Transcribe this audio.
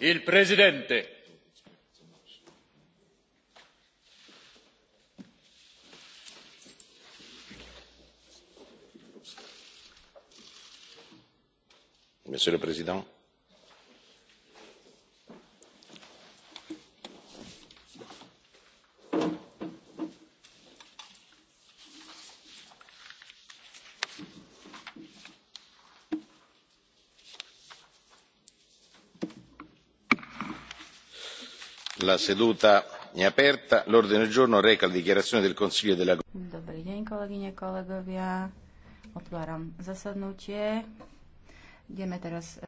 il presidente monsieur le président la seduta è aperta l'ordine del giorno reca la dichiarazione del consiglio e della Dobrý deň, kolegyne, kolegovia. Otváram zasadnutie. Ideme teraz